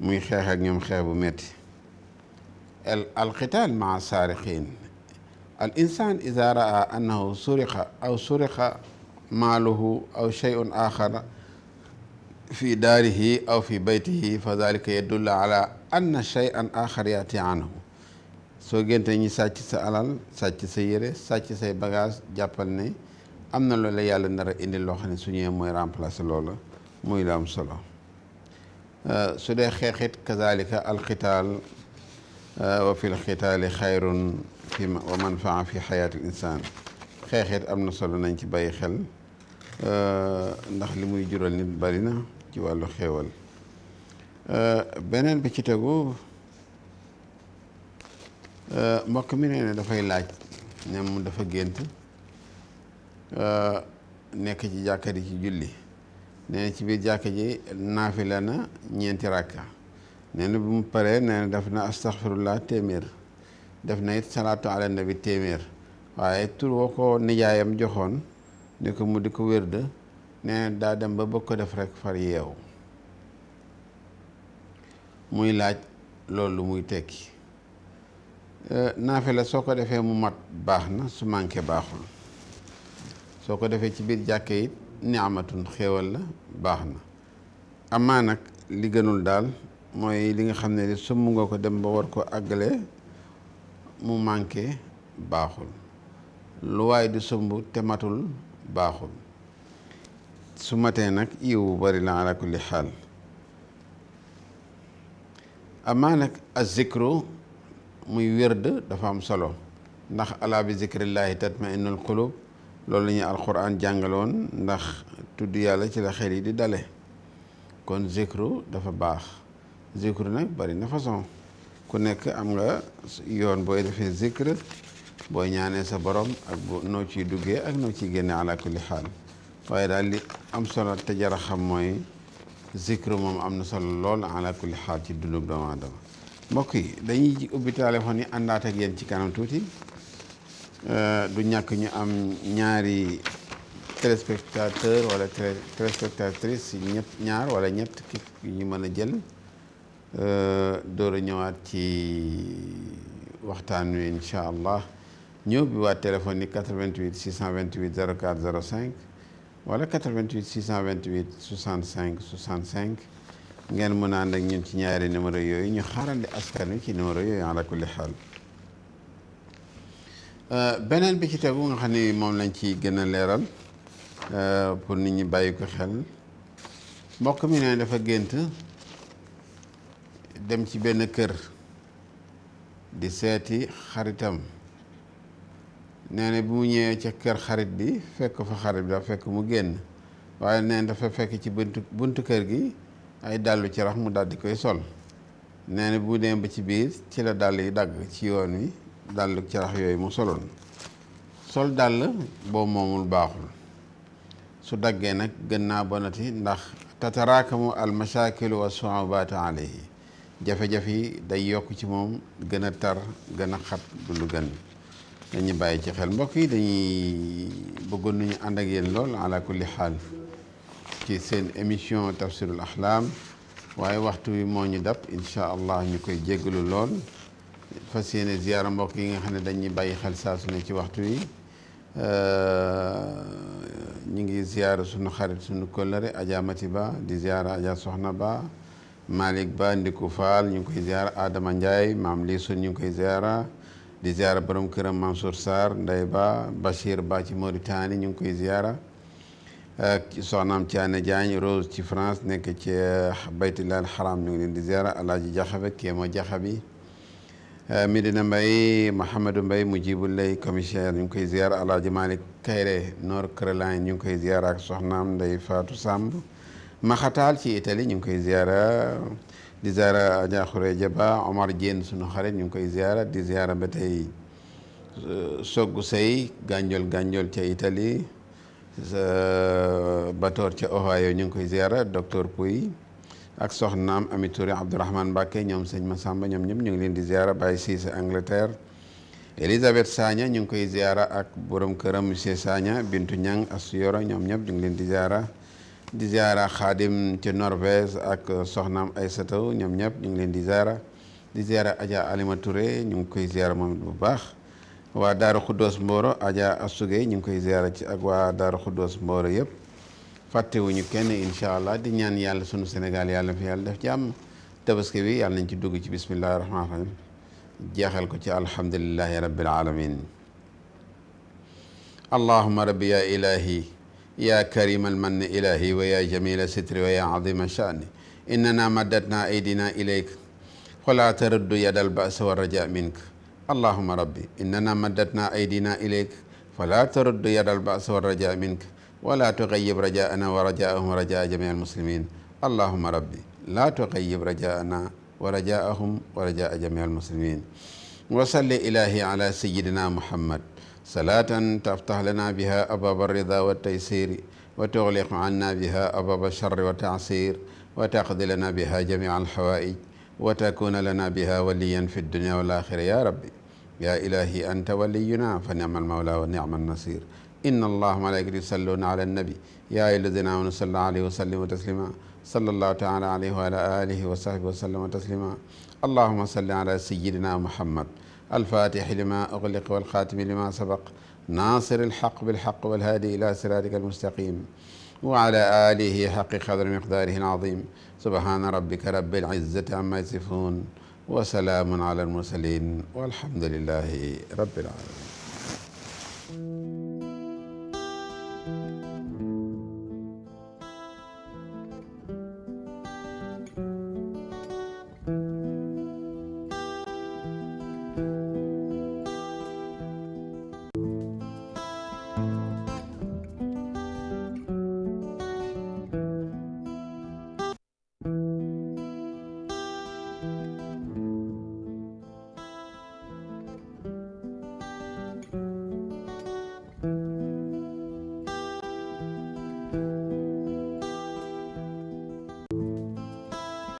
muy xeex ak ñoom xeex bu metti al alqital maa saariqin al insan ida raa annahu suriqa aw aw shay'un axara fi daarihi aw fi baytihi fa dalika yadullu ala anna shay'an axar anhu soo génte ñi sàcc sa alal sàcc sa yére sàcc say bagage jàppal ne am na loola yàlla nar a indi loo xam ne su ñëwee mooy remplacer loola muy la am solo euh, su dee xeexit kazalika alxitaal euh, wa fi lxitaali xayrun fi wa manfaa fi xayaati insaan xeexit am na solo nañ ci bàyyi xel euh, ndax li muy jural nit bari na ci wàllu xéewal beneen bi ci tegu Euh, mbokk mi nee na dafay laaj ne mu dafa gént euh, nekk ci jàkka di ci julli nee na ci biir jàkka ji naafila na ñeenti ràkka nee na bu mu paree nee na def na astaxfirullah téeméer def na it salaatu ala nabi téeméer waaye tur woo ko nijaayam joxoon ne ko mu di ko wérde nee na daa dem ba bëgg ko def rek far yeewu muy laaj loolu muy tekki Euh, la soo ko defee mu mat baax na su manqué baaxul soo ko defee ci biir jàkke it amatul xéewal la baax na amaa nag li gënul daal mooy li nga xam ne li summ nga ko dem ba war ko àggale mu manqué baaxul lu waaye di sumb te matul baaxul su matee nag yiwu bari la ala kulli xaal amaa nag azikru muy wérd dafa am solo ndax alaa bi zikrillaahi tatma'innul quluub loolu la ñuy alquran jàngaloon ndax tudd yàlla ci la xel yi di dale kon zikru dafa baax zikru nag bari na façon ku nekk am nga yoon booy defee zikr booy ñaanee sa borom ak bu noo ciy duggee ak noo ciy génne ala kulli xaal waaye daal di am solo te jar a xam mooy zikru moom am na solo lool ala kulli xaal ci dundub doomu aadama mbokk yi dañuy ubbi téléphone yi àndaat ak yéen ci kanam tuuti euh, du ñàkk ñu am ñaari téléspectateur wala téléspectatrice ñëpp ñaar wala ñett ki ñu mën a jël euh, door a ñëwaat ci waxtaan wi incha allah ñëw bi waat téléphone yi 88 628 04 05 wala 88 628 65 65. ngeen mën a ànd ak ñun ci ñaari numéro yooyu ñu xaarandi askan wi ci numéro yooyu ala kulli xaal euh, beneen bi ci tegu nga xam ni moom lañ ci gën a leeral euh, pour nit ñi bàyyi ko xel mbokk mi ne dafa gént dem ci benn kër di seeti xaritam nee na bu mu ñëwee ca kër xarit bi fekk fa xarit bi dafa fekk mu génn waaye nee na dafa fekk ci buntu buntu kër gi ay dàllu ci mu daal koy sol nee na bu dem ba ci biir ci la dàll yi dagg ci yoon wi dàllu ci yooyu mu soloon sol dàll boo moomul baaxul su daggee nag gën naa bonati ndax tataraakamu al mashaakilu wa yi alayhi jafe-jafe yi day yokk ci moom gën a tar gën a xat du lu gën dañu bàyyi ci xel mbokk yi dañuy bëggoon nañu ànd ak yéen lool ala kulli xaal ci seen émission tafsirul axlaam waaye waxtu wi moo ñu dab incha allah ñu koy jéggalu lool fa yéene ziyaara mbokk yi nga xam ne dañuy bàyyi xel saa su ne ci waxtu wi euh, ñu ngi ziyaara sunu xarit sunu kollëre Adja Mati Ba di ziyaara Adja Soxna Ba Malick Ba Ndiku Fall ñu ngi koy ziyaara Adama Ndiaye maam Liisun ñu ngi koy ziyaara di ziyaara boroom këram Mansour Sarr Ndey Ba Bachir Ba ci Mauritanie ñu ngi koy ziyaara ak soxnaam Thiané Diagne Rose ci France nekk ci eh, baytullah al ñu ngi leen di ziara alaaji jaxabe kéema jaxabi eh, Medina Mbaye Mouhamadou Mbaye Mujibou Lay ñu ngi koy ziara alaaji Malick Kayre North Caroline ñu ngi koy ziara ak soxnaam Ndeye Fatou Samb Maxataal ci Italie ñu ngi koy ziara di ziara Adja Khoureja Ba Omar Dieng sunu xarit ñu ngi koy ziara di ziara ba tey eh, Soggu Sey gànjol gànjol ca Italie batoor ca Ohio ñu ngi koy ziara docteur Pouy ak soxnaam Ami Touré Abdourahmane Mbacke ñoom sëñ Massamba ñoom ñëpp ñu ngi leen di ziara Baye Cissé Angleterre Elisabeth Sagna ñu ngi koy ziara ak borom këram monsieur Sagna Bintu Ñang Asu Yoro ñoom ñëpp ñu ngi leen di ziara di ziara Xaadim ca Norvège ak soxnaam Aysataw ñoom ñëpp ñu ngi leen di ziara di ziara Adja Alima ñu ngi koy ziara moom bu baax waa Daaru Xuddoos Mboro Adja Asugey ñu ngi koy ziara ci ak waa Daaru Xuddoos Mboro yëpp fàttewuñu kenn incha allah di ñaan yàlla sunu senegal yàlla na fi yàlla def jàmm tabaski bi yàlla ci dugg ci bismillahi jeexal ko ci alhamdulillahi rabbil alamin allahuma rabbi ya ilahi ya karima almanni ilahi wa ya jamila sitri wa ya azima shani innana maddatna aydina ilayk fala taraddu yadal basa wa raja minka allahuma rabbi innana maddatna aydina ilayk fala taruddu yadal baas wa raja mink wala tugayyib rajaana wa rajaahum wa rajaa jamii almuslimin allahuma rabbi la tugayyib rajaana wa rajaahum wa rajaa jamii almuslimin wa salli ilahi ala sayidina muhammad salatan taftah lana biha ababa rida wa taysiri wa tugliqu anna biha ababa charri wa taasir wa taqdi lana biha jamii alhawaij wa takuna lana biha waliyan fi dunia wal axira ya rabbi ya ilahi anta waliyuna fa niama almawla wa niama alnasir inna allaha malaikatu yusalluna ala annabi ya ayyuhallazina amanu sallu alayhi wa sallimu taslima sallallahu taala alayhi wa ala alihi wa sahbihi wa sallama taslima allahuma salli ala sayidina muhammad alfatixi lima ugliq walxaatimi lima sabaq nasir alxaq bilxaq walhaadi ila siratika almustaqim wa ala alihi xaqi qadri miqdaarihi alazim subhaana rabbika rabbil izzati amma yasifuun wa salaamun ala al mursalin walhamdulillahi rabbil alamin